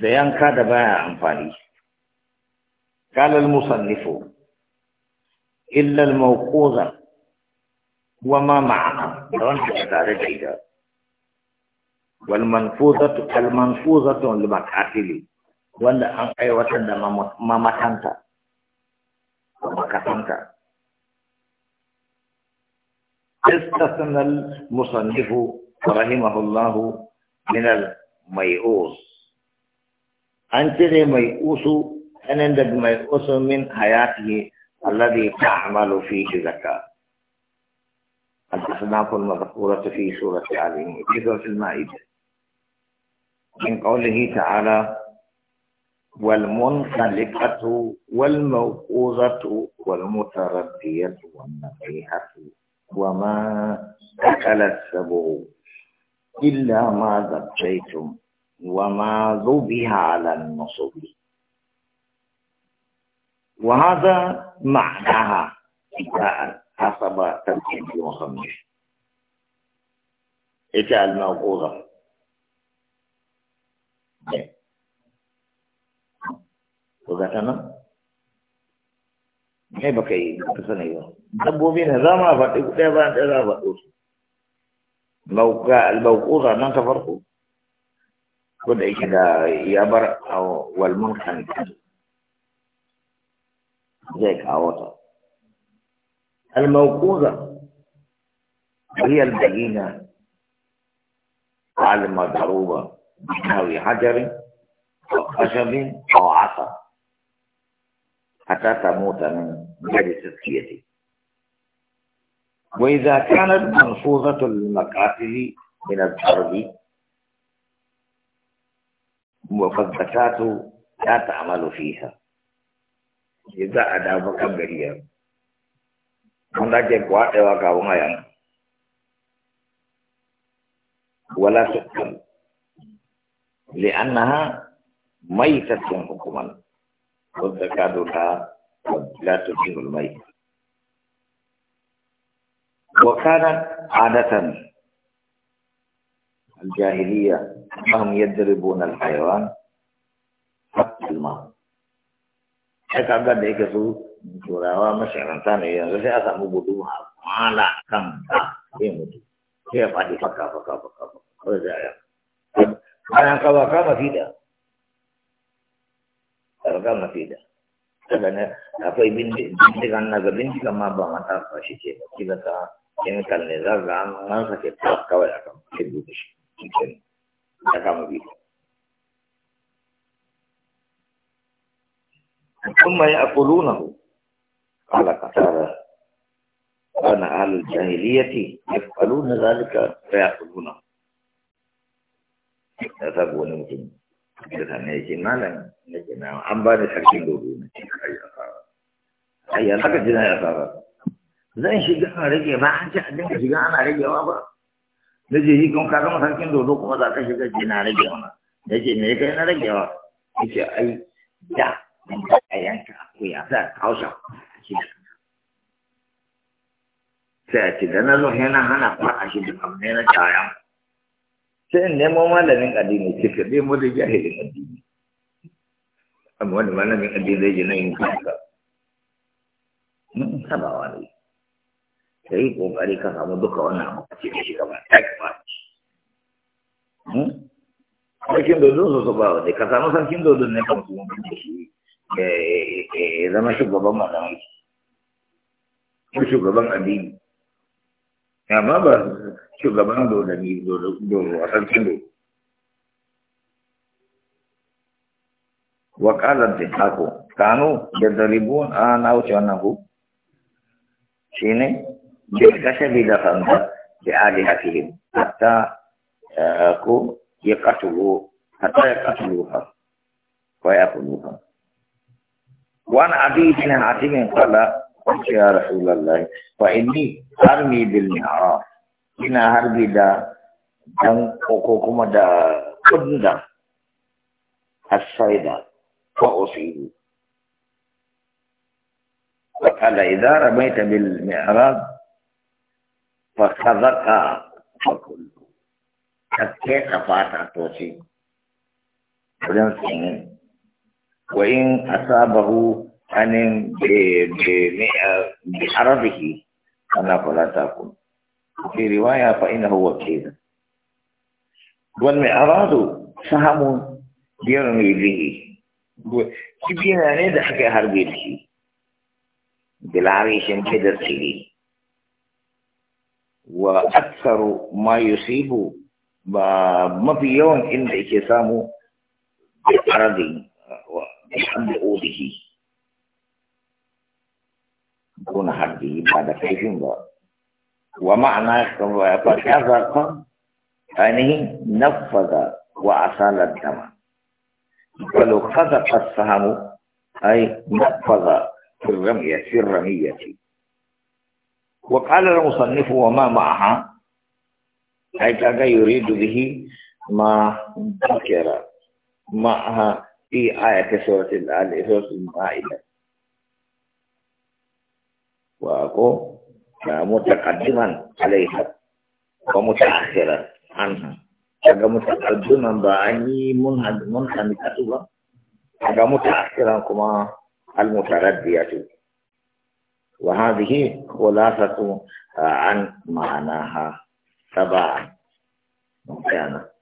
da yanka da baya amfani قال المصنف إلا الموقوظة وما معنى دون تشتار جيدا والمنفوذة المنفوذة لمكاتل وأن أن أيوة ما مكانت وما كفنت استثنى المصنف رحمه الله من الميؤوس an cire mai usu ɗanen daga mai usu min hayati alladhi ta'malu fihi الأصناف المذكورة في سورة آل عمران في المائدة من قوله تعالى والمنخلقة والموقوظة والمتردية والنقيحة وما أكل السبع إلا ما ذبحتم وما ذبح على النصب وهذا معناها إذا حسب المصنف الخمس إتى الموقوضة وقتنا هي بكي بكسنا يو دبو فينا زاما فاتي كتابا انت زاما فاتوس موقع الموقوضة نان تفرقو كل إجداء يبر أو والمنخن زيك أوطا الموقوضة هي البينة على مضروبة بكاوي أو خشب أو عصا حتى تموت من غير تزكيته وإذا كانت منفوذة المقاتل من الضرب mafazzakatu la ta'malu fiha yadda ada bakan gariya mun da ke kwa dawa ga wannan wala sukkan li annaha maitatun hukuman mafazzakatu ta la tujibul mayt wa kana adatan الجاهلية فهم يضربون الحيوان حتى الماء haka ga da yake su turawa masharanta ne yanzu sai a samu gudu a kwana kan ta sai mutu sai ya faɗi faka faka faka faka kawai zai aya bayan kawa kama fida kama fida daga ne akwai bindigan na ga bindigan ma ba mata ba shi ke ba kila ta kemikal ne za ga an sake kawai a ya kama bi ثم يأكلونه قال قتادة كان أهل الجاهلية يفعلون ذلك فيأكلونه يذهبون mutum. da ne ce malam na ce na an ba ni sarkin dodo na ce kai asara ai ya saka jina ya asara zan shiga a rage ba an ce a dinga shiga ana ragewa ba na je yi kan kaga sarkin dodo kuma za ka shiga je na rage wa na ce me kai na rage wa ya ce ai da ban da a yanka akuya za a kawo shi sai a ce da na zo yana hana faɗa shi da kamar na cayan sai in nemo malamin addini ce ka nemo da jahilin addini amma wani malamin addini zai je na yin kanka mun hmm, tabawa ne ka yi ƙoƙari ka samu duka wannan abu a cikin sarkin dodon su ba wa ne kan kuma da shi ya zama shugaban malamai ko shugaban addini amma ba shugaban dodoni dodon a sarkin dodon وقال الضحاك كانوا يضربون انا وشانه شيني بالكشف دخلنا بآلهتهم حتى أكون يقتلوا حتى يقتلوها ويأكلوها وعن أبي بن حاتم قال قلت يا رسول الله فإني أرمي بالمعراف إن أرمي دا دم حقوقكم دا قدنا الصيدة فأصيب فقال إذا رميت بالمعراض فصدق فكله حتى kesa fata to وإن أصابه أن بحربه أنا فلا تأكل في رواية فإنه وكيل والمعراض سهم يرمي به كبيرة أن يضحك يعني هربي به بالعريش كدر سيدي وأكثر ما يصيب ba mafi yawan inda yake samu da arzin wa da odihi kuna haddi ba da kaifin ba wa ma'ana fa kaza kan ainihin nafaza wa asalar dama ولو خزق السهم أي نفذ في الرمية في الرمية وقال المصنف وما معها ai kaga yuridu bihi ma dhakara ma fi ayati suratul al-suratul ma'idah wa aku mutaqaddiman alaiha wa mutaakhiran anha kaga mutaqaddiman ba ani munhad munhamikatu ba kaga mutaakhiran kuma al-mutaraddiyatu wa hadhihi khulasatu an ha. tá bom, pena.